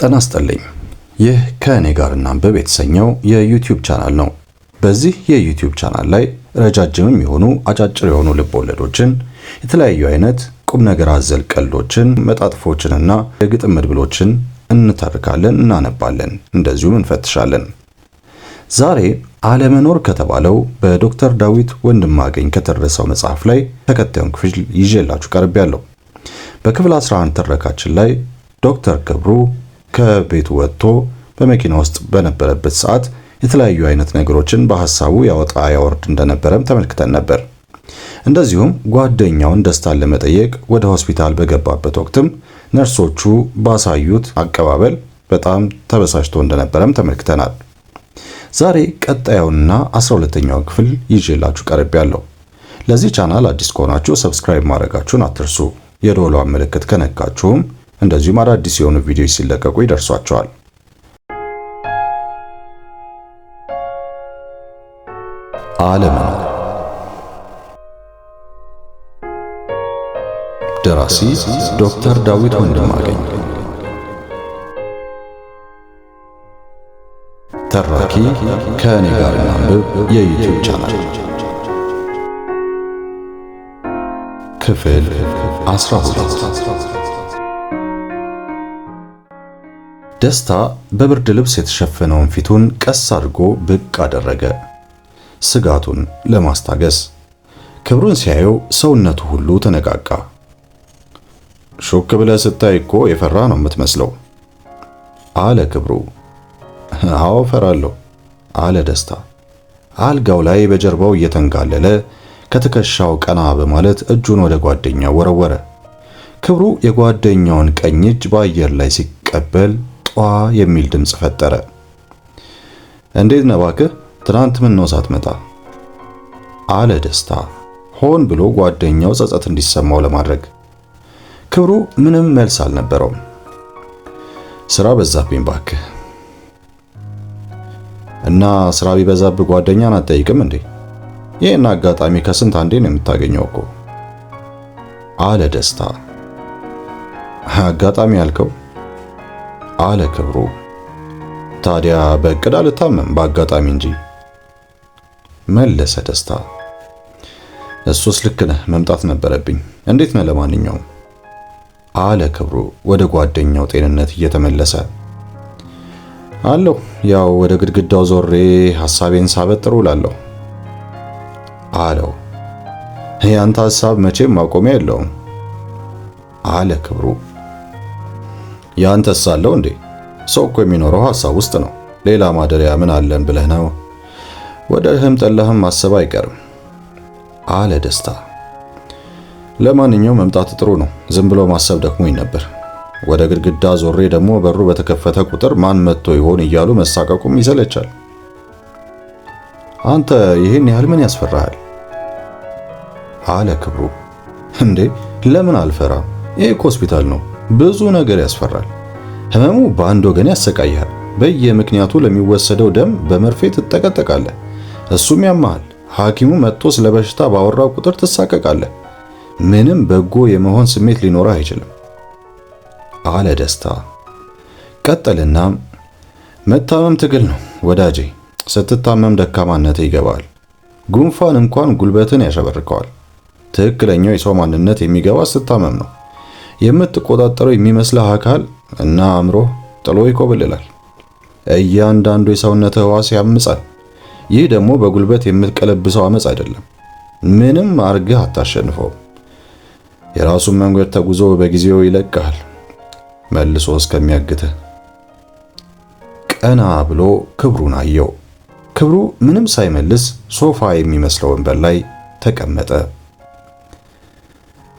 ጤና ይስጥልኝ። ይህ ከእኔ ጋር እናንብብ የተሰኘው የዩቲዩብ ቻናል ነው። በዚህ የዩቲዩብ ቻናል ላይ ረጃጅምም የሆኑ አጫጭር የሆኑ ልብ ወለዶችን፣ የተለያዩ አይነት ቁም ነገር አዘል ቀልዶችን፣ መጣጥፎችንና የግጥም መድብሎችን እንተርካለን፣ እናነባለን፣ እንደዚሁም እንፈትሻለን። ዛሬ አለመኖር ከተባለው በዶክተር ዳዊት ወንድማገኝ ከተደረሰው መጽሐፍ ላይ ተከታዩን ክፍል ይዤላችሁ ቀርቤያለሁ። በክፍል 11 ትረካችን ላይ ዶክተር ክብሩ ከቤቱ ወጥቶ በመኪና ውስጥ በነበረበት ሰዓት የተለያዩ አይነት ነገሮችን በሐሳቡ ያወጣ ያወርድ እንደነበረም ተመልክተን ነበር። እንደዚሁም ጓደኛውን ደስታን ለመጠየቅ ወደ ሆስፒታል በገባበት ወቅትም ነርሶቹ ባሳዩት አቀባበል በጣም ተበሳጭቶ እንደነበረም ተመልክተናል። ዛሬ ቀጣዩንና 12ኛው ክፍል ይዤላችሁ ቀርቤያለሁ። ለዚህ ቻናል አዲስ ከሆናችሁ ሰብስክራይብ ማድረጋችሁን አትርሱ። የዶሎ ምልክት ከነካችሁም እንደዚሁም አዳዲስ የሆኑ ቪዲዮዎች ሲለቀቁ ይደርሷቸዋል። አለመኖር ደራሲ ዶክተር ዳዊት ወንድማገኝ፣ ተራኪ ከእኔ ጋር እናንብብ የዩቲዩብ ቻናል ክፍል 12 ደስታ በብርድ ልብስ የተሸፈነውን ፊቱን ቀስ አድርጎ ብቅ አደረገ፣ ስጋቱን ለማስታገስ። ክብሩን ሲያየው ሰውነቱ ሁሉ ተነቃቃ። ሹክ ብለህ ስታይ እኮ የፈራ ነው የምትመስለው አለ ክብሩ። አዎ ፈራለሁ አለ ደስታ። አልጋው ላይ በጀርባው እየተንጋለለ ከትከሻው ቀና በማለት እጁን ወደ ጓደኛው ወረወረ። ክብሩ የጓደኛውን ቀኝ እጅ በአየር ላይ ሲቀበል ጧ የሚል ድምፅ ፈጠረ። እንዴት ነህ እባክህ? ትናንት ምን ነው ሳትመጣ አለ ደስታ ሆን ብሎ ጓደኛው ጸጸት እንዲሰማው ለማድረግ። ክብሩ ምንም መልስ አልነበረውም። ስራ በዛብኝ እባክህ። እና ስራ ቢበዛብህ ጓደኛን አትጠይቅም እንዴ? ይህን አጋጣሚ ከስንት አንዴ ነው የምታገኘው እኮ አለ ደስታ። አጋጣሚ ያልከው አለ ክብሩ። ታዲያ በእቅድ አልታመም በአጋጣሚ እንጂ መለሰ ደስታ። እሱስ ልክ ነህ፣ መምጣት ነበረብኝ። እንዴት ነህ ለማንኛውም? አለ ክብሩ ወደ ጓደኛው ጤንነት እየተመለሰ አለው። ያው ወደ ግድግዳው ዞሬ ሐሳቤን ሳበጥሩ እላለሁ አለው። ያንተ ሐሳብ መቼም ማቆሚያ የለውም አለ ክብሩ ያንተስ አለው እንዴ? ሰው እኮ የሚኖረው ሐሳብ ውስጥ ነው። ሌላ ማደሪያ ምን አለን ብለህ ነው? ወደ ህም ጠላህም ማሰብ አይቀርም አለ ደስታ። ለማንኛውም መምጣት ጥሩ ነው። ዝም ብሎ ማሰብ ደክሞኝ ነበር። ወደ ግድግዳ ዞሬ ደግሞ በሩ በተከፈተ ቁጥር ማን መጥቶ ይሆን እያሉ መሳቀቁም ይሰለቻል። አንተ ይህን ያህል ምን ያስፈራሃል? አለ ክብሩ። እንዴ ለምን አልፈራ? ይሄ ሆስፒታል ነው። ብዙ ነገር ያስፈራል። ህመሙ በአንድ ወገን ያሰቃይሃል። በየምክንያቱ ለሚወሰደው ደም በመርፌ ትጠቀጠቃለህ። እሱም ያመሃል። ሐኪሙ መጥቶ ስለ በሽታ ባወራው ቁጥር ትሳቀቃለህ። ምንም በጎ የመሆን ስሜት ሊኖርህ አይችልም አለ ደስታ። ቀጠልና መታመም ትግል ነው ወዳጄ። ስትታመም ደካማነት ይገባል። ጉንፋን እንኳን ጉልበትን ያሸበርቀዋል። ትክክለኛው የሰው ማንነት የሚገባ ስታመም ነው። የምትቆጣጠረው የሚመስልህ አካል እና አእምሮ ጥሎ ይኮበልላል። እያንዳንዱ የሰውነት ህዋስ ያምጻል። ይህ ደግሞ በጉልበት የምትቀለብሰው አመፅ አይደለም። ምንም አርግህ አታሸንፈውም። የራሱን መንገድ ተጉዞ በጊዜው ይለቅሃል፣ መልሶ እስከሚያግትህ። ቀና ብሎ ክብሩን አየው። ክብሩ ምንም ሳይመልስ ሶፋ የሚመስለው ወንበር ላይ ተቀመጠ።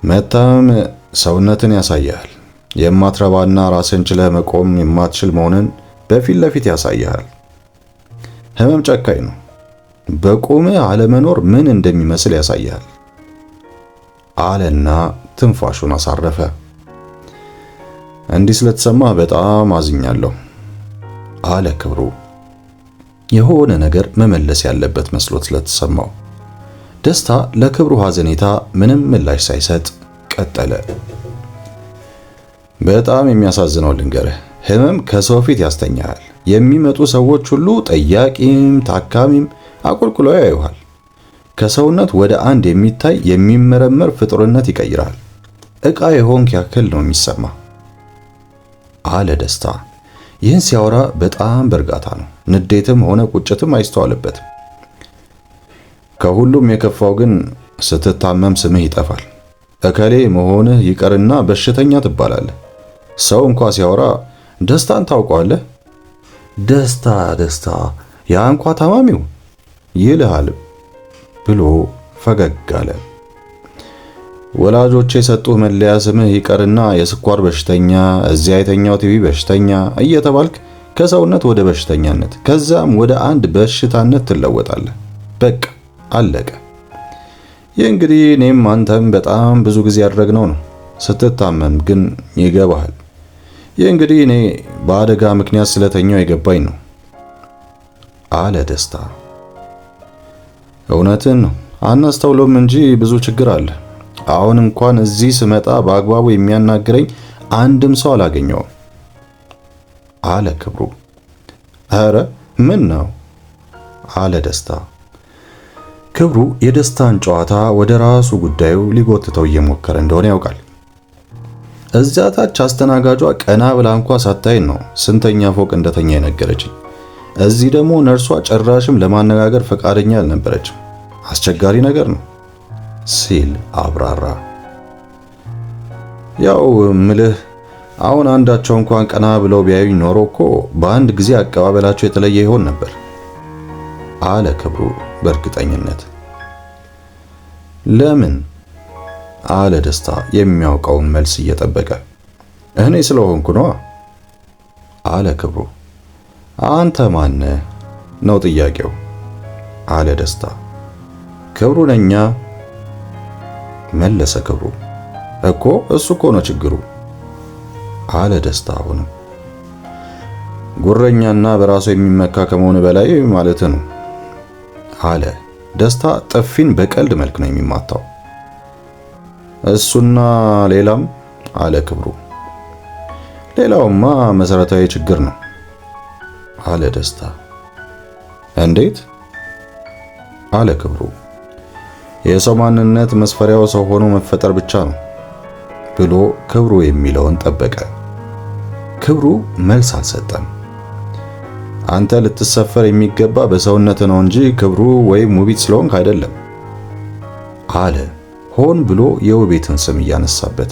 መታመም ሰውነትን ያሳያል። የማትረባና ራስን ችለህ መቆም የማትችል መሆንን በፊት ለፊት ያሳያል። ህመም ጨካኝ ነው። በቁምህ አለመኖር ምን እንደሚመስል ያሳያል አለና ትንፋሹን አሳረፈ። እንዲህ ስለተሰማህ በጣም አዝኛለሁ አለ ክብሩ። የሆነ ነገር መመለስ ያለበት መስሎት ስለተሰማው ደስታ ለክብሩ ሐዘኔታ ምንም ምላሽ ሳይሰጥ ቀጠለ። በጣም የሚያሳዝነው ልንገርህ፣ ህመም ከሰው ፊት ያስተኛል። የሚመጡ ሰዎች ሁሉ ጠያቂም ታካሚም አቁልቁሎ ያዩሃል። ከሰውነት ወደ አንድ የሚታይ የሚመረመር ፍጡርነት ይቀይራል። ዕቃ የሆንክ ያክል ነው የሚሰማ አለ ደስታ። ይህን ሲያወራ በጣም በእርጋታ ነው። ንዴትም ሆነ ቁጭትም አይስተዋልበትም። ከሁሉም የከፋው ግን ስትታመም ስምህ ይጠፋል። እከሌ መሆንህ ይቀርና በሽተኛ ትባላለህ። ሰው እንኳ ሲያወራ ደስታን ታውቀዋለህ? ደስታ ደስታ ያ እንኳ ታማሚው ይልሃል ብሎ ፈገግ አለ። ወላጆች የሰጡህ መለያ ስምህ ይቀርና የስኳር በሽተኛ፣ እዚያ የተኛው ቲቪ በሽተኛ እየተባልክ ከሰውነት ወደ በሽተኛነት ከዛም ወደ አንድ በሽታነት ትለወጣለህ። በቃ አለቀ። ይህ እንግዲህ እኔም አንተም በጣም ብዙ ጊዜ ያደረግነው ነው። ስትታመም ግን ይገባሃል። ይህ እንግዲህ እኔ በአደጋ ምክንያት ስለተኛው የገባኝ ነው አለ ደስታ። እውነትን ነው አናስተውሎም እንጂ ብዙ ችግር አለ። አሁን እንኳን እዚህ ስመጣ በአግባቡ የሚያናግረኝ አንድም ሰው አላገኘውም አለ ክብሩ። ኧረ ምን ነው አለ ደስታ። ክብሩ የደስታን ጨዋታ ወደ ራሱ ጉዳዩ ሊጎትተው እየሞከረ እንደሆነ ያውቃል። እዚያ ታች አስተናጋጇ ቀና ብላ እንኳ ሳታይ ነው ስንተኛ ፎቅ እንደተኛ የነገረችኝ። እዚህ ደግሞ ነርሷ ጭራሽም ለማነጋገር ፈቃደኛ አልነበረችም። አስቸጋሪ ነገር ነው ሲል አብራራ። ያው ምልህ አሁን አንዳቸው እንኳን ቀና ብለው ቢያዩኝ ኖሮ እኮ በአንድ ጊዜ አቀባበላቸው የተለየ ይሆን ነበር አለ ክብሩ በእርግጠኝነት። ለምን አለ ደስታ የሚያውቀውን መልስ እየጠበቀ። እኔ ስለሆንኩ ነዋ አለ ክብሩ። አንተ ማነ ነው ጥያቄው አለ ደስታ። ክብሩ ነኛ መለሰ ክብሩ። እኮ እሱ እኮ ነው ችግሩ አለ ደስታ። አሁንም ጉረኛና በራሱ የሚመካ ከመሆኑ በላይ ማለት ነው አለ ደስታ። ጥፊን በቀልድ መልክ ነው የሚማታው። እሱና ሌላም አለ ክብሩ። ሌላውማ መሰረታዊ ችግር ነው አለ ደስታ። እንዴት? አለ ክብሩ። የሰው ማንነት መስፈሪያው ሰው ሆኖ መፈጠር ብቻ ነው ብሎ ክብሩ የሚለውን ጠበቀ። ክብሩ መልስ አልሰጠም። አንተ ልትሰፈር የሚገባ በሰውነት ነው እንጂ ክብሩ ወይም ውቢት ስለሆንክ አይደለም አለ ሆን ብሎ የውቤትን ስም እያነሳበት።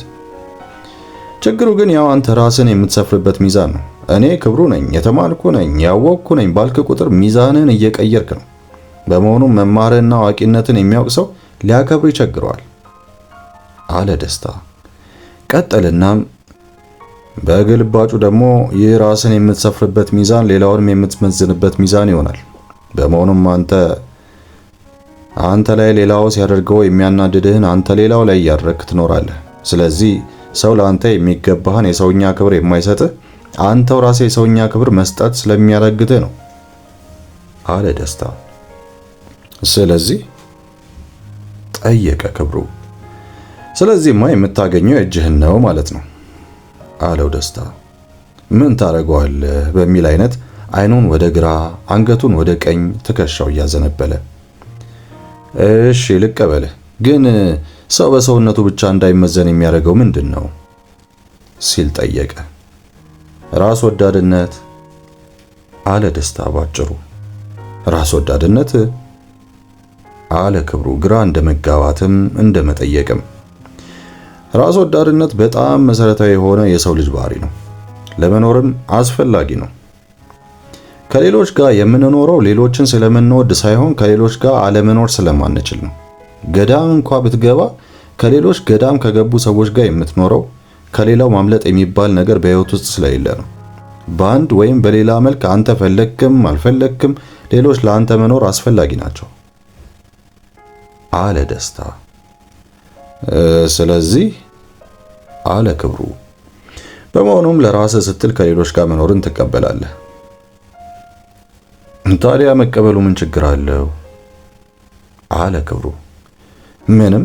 ችግሩ ግን ያው አንተ ራስን የምትሰፍርበት ሚዛን ነው። እኔ ክብሩ ነኝ፣ የተማልኩ ነኝ፣ ያወቅኩ ነኝ ባልክ ቁጥር ሚዛንን እየቀየርክ ነው። በመሆኑም መማርና አዋቂነትን የሚያውቅ ሰው ሊያከብር ይቸግረዋል አለ ደስታ። ቀጠልናም በግልባጩ ደግሞ ይህ ራስን የምትሰፍርበት ሚዛን ሌላውንም የምትመዝንበት ሚዛን ይሆናል። በመሆኑም አንተ አንተ ላይ ሌላው ሲያደርገው የሚያናድድህን አንተ ሌላው ላይ እያደረግክ ትኖራለህ። ስለዚህ ሰው ለአንተ የሚገባህን የሰውኛ ክብር የማይሰጥህ አንተው ራሴ የሰውኛ ክብር መስጠት ስለሚያዳግትህ ነው አለ ደስታ። ስለዚህ ጠየቀ ክብሩ። ስለዚህማ የምታገኘው እጅህን ነው ማለት ነው አለው ደስታ። ምን ታደርገዋለህ በሚል አይነት አይኑን ወደ ግራ አንገቱን ወደ ቀኝ ትከሻው እያዘነበለ እሺ ልቀበልህ። ግን ሰው በሰውነቱ ብቻ እንዳይመዘን የሚያደርገው ምንድን ነው ሲል ጠየቀ። ራስ ወዳድነት አለ ደስታ ባጭሩ። ራስ ወዳድነት አለ ክብሩ፣ ግራ እንደ መጋባትም እንደ መጠየቅም። ራስ ወዳድነት በጣም መሰረታዊ የሆነ የሰው ልጅ ባህሪ ነው፣ ለመኖርም አስፈላጊ ነው። ከሌሎች ጋር የምንኖረው ሌሎችን ስለምንወድ ሳይሆን ከሌሎች ጋር አለመኖር ስለማንችል ነው። ገዳም እንኳ ብትገባ ከሌሎች ገዳም ከገቡ ሰዎች ጋር የምትኖረው ከሌላው ማምለጥ የሚባል ነገር በህይወት ውስጥ ስለሌለ ነው። በአንድ ወይም በሌላ መልክ አንተ ፈለግክም አልፈለግክም ሌሎች ለአንተ መኖር አስፈላጊ ናቸው አለ ደስታ። ስለዚህ አለ ክብሩ። በመሆኑም ለራስህ ስትል ከሌሎች ጋር መኖርን ትቀበላለህ። ታዲያ መቀበሉ ምን ችግር አለው? አለ ክብሩ። ምንም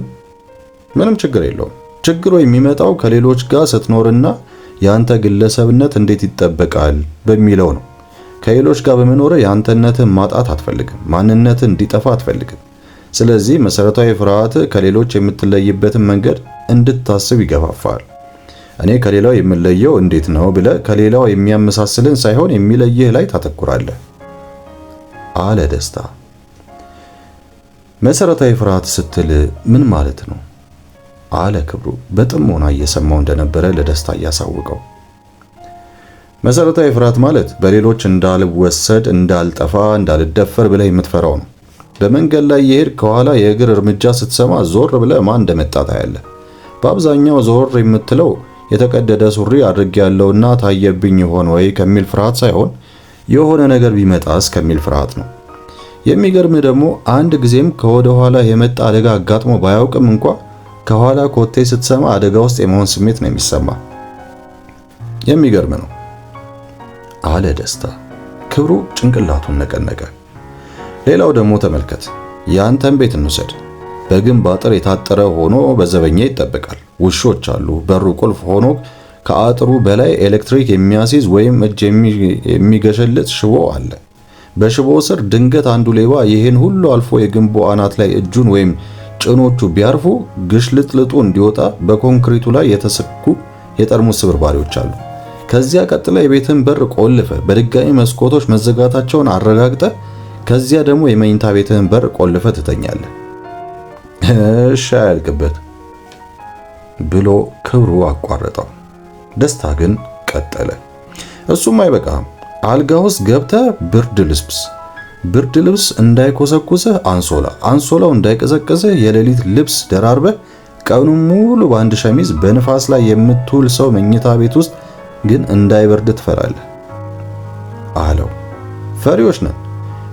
ምንም ችግር የለውም። ችግሩ የሚመጣው ከሌሎች ጋር ስትኖርና የአንተ ግለሰብነት እንዴት ይጠበቃል በሚለው ነው። ከሌሎች ጋር በመኖር የአንተነትን ማጣት አትፈልግም፣ ማንነት እንዲጠፋ አትፈልግም። ስለዚህ መሰረታዊ ፍርሃት ከሌሎች የምትለይበትን መንገድ እንድታስብ ይገፋፋል። እኔ ከሌላው የምለየው እንዴት ነው ብለህ ከሌላው የሚያመሳስልን ሳይሆን የሚለይህ ላይ ታተኩራለህ። አለ ደስታ። መሰረታዊ ፍርሃት ስትል ምን ማለት ነው? አለ ክብሩ በጥሞና እየሰማው እንደነበረ ለደስታ እያሳውቀው። መሰረታዊ ፍርሃት ማለት በሌሎች እንዳልወሰድ፣ እንዳልጠፋ፣ እንዳልደፈር ብለህ የምትፈራው ነው። በመንገድ ላይ የሄድ ከኋላ የእግር እርምጃ ስትሰማ ዞር ብለህ ማን እንደመጣ ታያለህ። በአብዛኛው ዞር የምትለው የተቀደደ ሱሪ አድርጌ ያለውና ታየብኝ ይሆን ወይ ከሚል ፍርሃት ሳይሆን የሆነ ነገር ቢመጣስ ከሚል ፍርሃት ነው። የሚገርም ደግሞ አንድ ጊዜም ከወደ ኋላ የመጣ አደጋ አጋጥሞ ባያውቅም እንኳ ከኋላ ኮቴ ስትሰማ አደጋ ውስጥ የመሆን ስሜት ነው የሚሰማ። የሚገርም ነው አለ ደስታ። ክብሩ ጭንቅላቱን ነቀነቀ። ሌላው ደግሞ ተመልከት። ያንተን ቤት እንውሰድ። በግንብ አጥር የታጠረ ሆኖ በዘበኛ ይጠበቃል። ውሾች አሉ። በሩ ቁልፍ ሆኖ ከአጥሩ በላይ ኤሌክትሪክ የሚያስይዝ ወይም እጅ የሚገሸልጥ ሽቦ አለ። በሽቦ ስር ድንገት አንዱ ሌባ ይህን ሁሉ አልፎ የግንቡ አናት ላይ እጁን ወይም ጭኖቹ ቢያርፉ ግሽልጥልጡ እንዲወጣ በኮንክሪቱ ላይ የተሰኩ የጠርሙስ ስብርባሪዎች አሉ። ከዚያ ቀጥላ የቤትን በር ቆልፈ በድጋሚ መስኮቶች መዘጋታቸውን አረጋግጠ ከዚያ ደግሞ የመኝታ ቤትህን በር ቆልፈ ትተኛለ። እሺ አያልቅበት ብሎ ክብሩ አቋረጠው። ደስታ ግን ቀጠለ። እሱም አይበቃም። አልጋ ውስጥ ገብተ ብርድ ልብስ ብርድ ልብስ እንዳይኮሰኩስህ አንሶላ፣ አንሶላው እንዳይቀዘቅዝህ የሌሊት ልብስ ደራርበህ ቀኑን ሙሉ በአንድ ሸሚዝ በንፋስ ላይ የምትውል ሰው መኝታ ቤት ውስጥ ግን እንዳይበርድ ትፈራለህ አለው። ፈሪዎች ነን።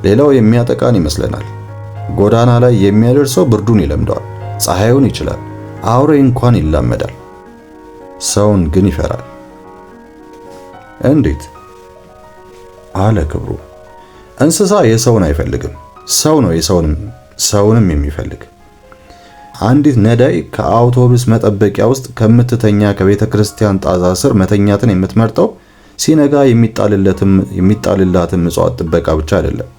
ሌላው የሚያጠቃን ይመስለናል። ጎዳና ላይ የሚያደርሰው ብርዱን ይለምደዋል፣ ፀሐዩን ይችላል፣ አውሬ እንኳን ይላመዳል። ሰውን ግን ይፈራል። እንዴት? አለ ክብሩ። እንስሳ የሰውን አይፈልግም፣ ሰው ነው የሰውንም ሰውንም የሚፈልግ። አንዲት ነዳይ ከአውቶቡስ መጠበቂያ ውስጥ ከምትተኛ ከቤተ ክርስቲያን ጣዛ ስር መተኛትን የምትመርጠው ሲነጋ የሚጣልላትን ምጽዋት ጥበቃ ብቻ አይደለም።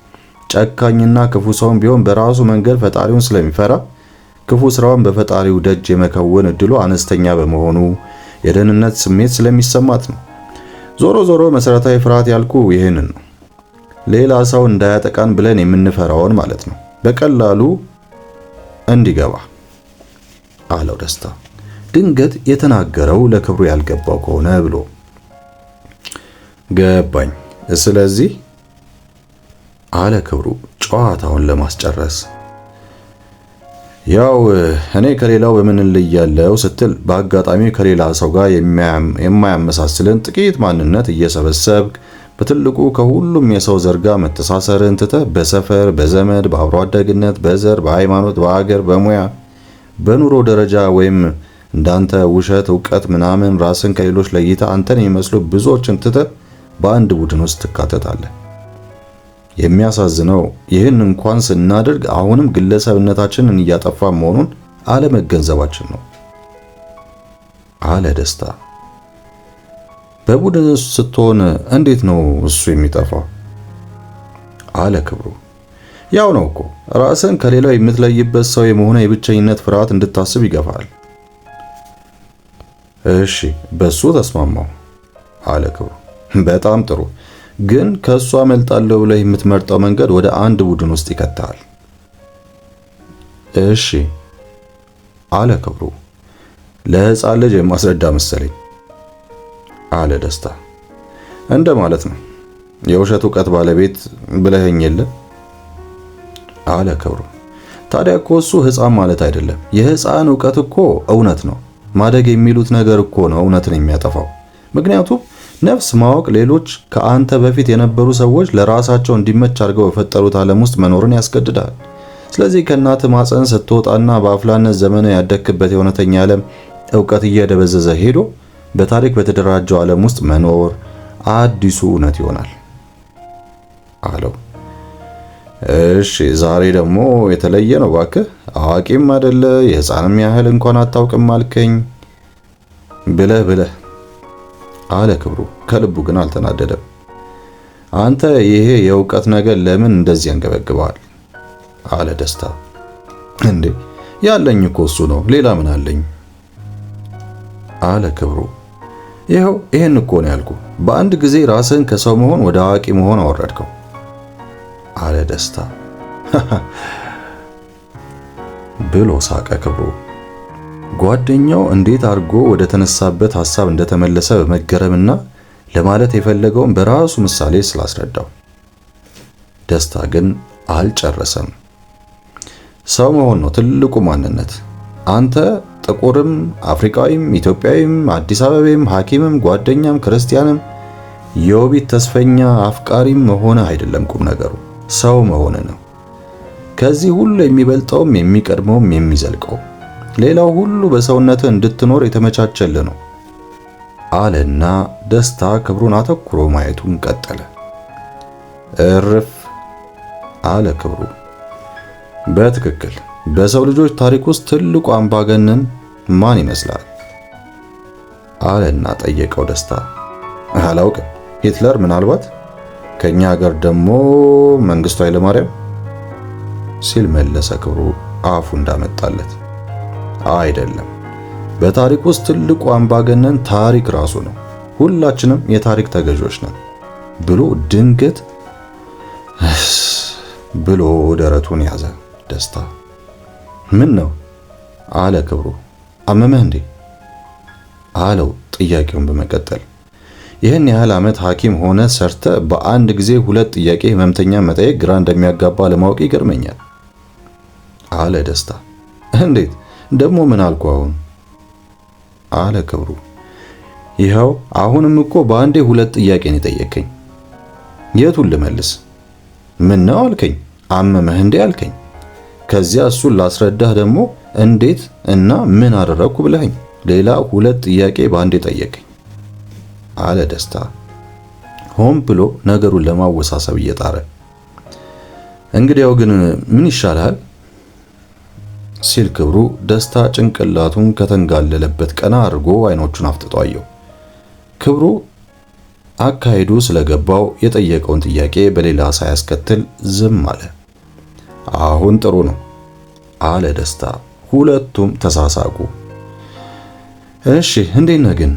ጨካኝና ክፉ ሰውን ቢሆን በራሱ መንገድ ፈጣሪውን ስለሚፈራ ክፉ ስራውን በፈጣሪው ደጅ የመከወን እድሉ አነስተኛ በመሆኑ የደህንነት ስሜት ስለሚሰማት ነው። ዞሮ ዞሮ መሰረታዊ ፍርሃት ያልኩ ይህንን ነው። ሌላ ሰው እንዳያጠቃን ብለን የምንፈራውን ማለት ነው። በቀላሉ እንዲገባ አለው ደስታ ድንገት የተናገረው ለክብሩ ያልገባው ከሆነ ብሎ ገባኝ። ስለዚህ አለ ክብሩ ጨዋታውን ለማስጨረስ ያው እኔ ከሌላው በምን ልያለው ስትል በአጋጣሚ ከሌላ ሰው ጋር የማያመሳስልን ጥቂት ማንነት እየሰበሰብክ በትልቁ ከሁሉም የሰው ዘርጋ መተሳሰርን ትተህ በሰፈር፣ በዘመድ፣ በአብሮ አደግነት፣ በዘር፣ በሃይማኖት፣ በአገር፣ በሙያ፣ በኑሮ ደረጃ ወይም እንዳንተ ውሸት፣ እውቀት ምናምን ራስን ከሌሎች ለይተህ አንተን የሚመስሉ ብዙዎችን ትተህ በአንድ ቡድን ውስጥ ትካተታለህ። የሚያሳዝነው ይህን እንኳን ስናደርግ አሁንም ግለሰብነታችንን እያጠፋ መሆኑን አለመገንዘባችን ነው አለ ደስታ። በቡድን ውስጥ ስትሆን እንዴት ነው እሱ የሚጠፋው? አለ ክብሩ። ያው ነው እኮ ራስን ከሌላው የምትለይበት ሰው የመሆነ የብቸኝነት ፍርሃት እንድታስብ ይገፋል። እሺ፣ በሱ ተስማማው አለ ክብሩ። በጣም ጥሩ ግን ከሷ አመልጣለሁ ብለህ የምትመርጠው መንገድ ወደ አንድ ቡድን ውስጥ ይከተሃል። እሺ አለ ክብሩ። ለሕፃን ልጅ የማስረዳ መሰለኝ አለ ደስታ። እንደ ማለት ነው የውሸት እውቀት ባለቤት ብለኸኝ የለ አለ ክብሩ። ታዲያ እኮ እሱ ሕፃን ማለት አይደለም። የሕፃን እውቀት እኮ እውነት ነው። ማደግ የሚሉት ነገር እኮ ነው እውነትን የሚያጠፋው። ምክንያቱም ነፍስ ማወቅ ሌሎች ከአንተ በፊት የነበሩ ሰዎች ለራሳቸው እንዲመች አድርገው በፈጠሩት ዓለም ውስጥ መኖርን ያስገድዳል። ስለዚህ ከእናትህ ማፀን ስትወጣና በአፍላነት ዘመን ያደግክበት የእውነተኛ ዓለም እውቀት እየደበዘዘ ሄዶ በታሪክ በተደራጀው ዓለም ውስጥ መኖር አዲሱ እውነት ይሆናል አለው። እሺ ዛሬ ደግሞ የተለየ ነው እባክህ፣ አዋቂም አይደለ የህፃንም ያህል እንኳን አታውቅም አልከኝ ብለህ ብለህ አለ ክብሩ። ከልቡ ግን አልተናደደም። አንተ ይሄ የእውቀት ነገር ለምን እንደዚህ ያንገበግበዋል? አለ ደስታ። እንዴ ያለኝ እኮ እሱ ነው፣ ሌላ ምን አለኝ? አለ ክብሩ። ይኸው ይሄን እኮ ነው ያልኩ። በአንድ ጊዜ ራስህን ከሰው መሆን ወደ አዋቂ መሆን አወረድከው፣ አለ ደስታ ብሎ ሳቀ ክብሩ። ጓደኛው እንዴት አድርጎ ወደ ተነሳበት ሐሳብ እንደተመለሰ በመገረምና ለማለት የፈለገውን በራሱ ምሳሌ ስላስረዳው፣ ደስታ ግን አልጨረሰም። ሰው መሆን ነው ትልቁ ማንነት። አንተ ጥቁርም፣ አፍሪካዊም፣ ኢትዮጵያዊም፣ አዲስ አበባም፣ ሐኪምም፣ ጓደኛም፣ ክርስቲያንም፣ የውቢት ተስፈኛ አፍቃሪም መሆነ አይደለም ቁም ነገሩ ሰው መሆን ነው። ከዚህ ሁሉ የሚበልጠውም የሚቀድመውም የሚዘልቀው ሌላው ሁሉ በሰውነት እንድትኖር የተመቻቸለ ነው አለና ደስታ ክብሩን አተኩሮ ማየቱን ቀጠለ። እርፍ አለ ክብሩ። በትክክል በሰው ልጆች ታሪክ ውስጥ ትልቁ አምባገነን ማን ይመስላል? አለና ጠየቀው ደስታ። አላውቅም፣ ሂትለር ምናልባት፣ ከኛ ሀገር ደግሞ መንግስቱ ኃይለማርያም ሲል መለሰ ክብሩ አፉ እንዳመጣለት። አይደለም። በታሪክ ውስጥ ትልቁ አምባገነን ታሪክ ራሱ ነው። ሁላችንም የታሪክ ተገዦች ነን ብሎ ድንገት ብሎ ደረቱን ያዘ ደስታ። ምን ነው አለ ክብሩ። አመመህ እንዴ አለው ጥያቄውን በመቀጠል ይህን ያህል ዓመት ሐኪም ሆነ ሰርተ በአንድ ጊዜ ሁለት ጥያቄ ህመምተኛ መጠየቅ ግራ እንደሚያጋባ ለማወቅ ይገርመኛል አለ ደስታ። እንዴት ደግሞ ምን አልኩ አሁን አለ ክብሩ። ይኸው አሁንም እኮ በአንዴ ሁለት ጥያቄን የጠየከኝ፣ የቱን ልመልስ? ምን ነው አልከኝ፣ አመመህ እንዴ አልከኝ። ከዚያ እሱን ላስረዳህ ደግሞ እንዴት እና ምን አደረግኩ ብለኸኝ፣ ሌላ ሁለት ጥያቄ በአንዴ ጠየቀኝ አለ ደስታ ሆን ብሎ ነገሩን ለማወሳሰብ እየጣረ። እንግዲያው ግን ምን ይሻላል? ሲል ክብሩ ደስታ ጭንቅላቱን ከተንጋለለበት ቀና አድርጎ አይኖቹን አፍጥጦ አየው። ክብሩ አካሄዱ ስለገባው የጠየቀውን ጥያቄ በሌላ ሳያስከትል ዝም አለ። አሁን ጥሩ ነው አለ ደስታ። ሁለቱም ተሳሳቁ። እሺ እንዴት ነህ ግን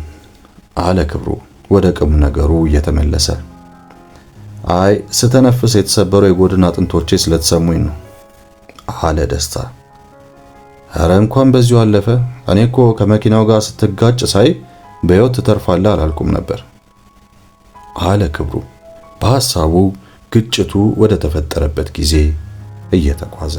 አለ ክብሩ ወደ ቁም ነገሩ እየተመለሰ። አይ ስተነፍስ የተሰበረው የጎድን አጥንቶቼ ስለተሰሙኝ ነው አለ ደስታ። አረ እንኳን በዚሁ አለፈ። እኔ እኮ ከመኪናው ጋር ስትጋጭ ሳይ በሕይወት ትተርፋለህ አላልኩም ነበር አለ ክብሩ በሐሳቡ ግጭቱ ወደ ተፈጠረበት ጊዜ እየተጓዘ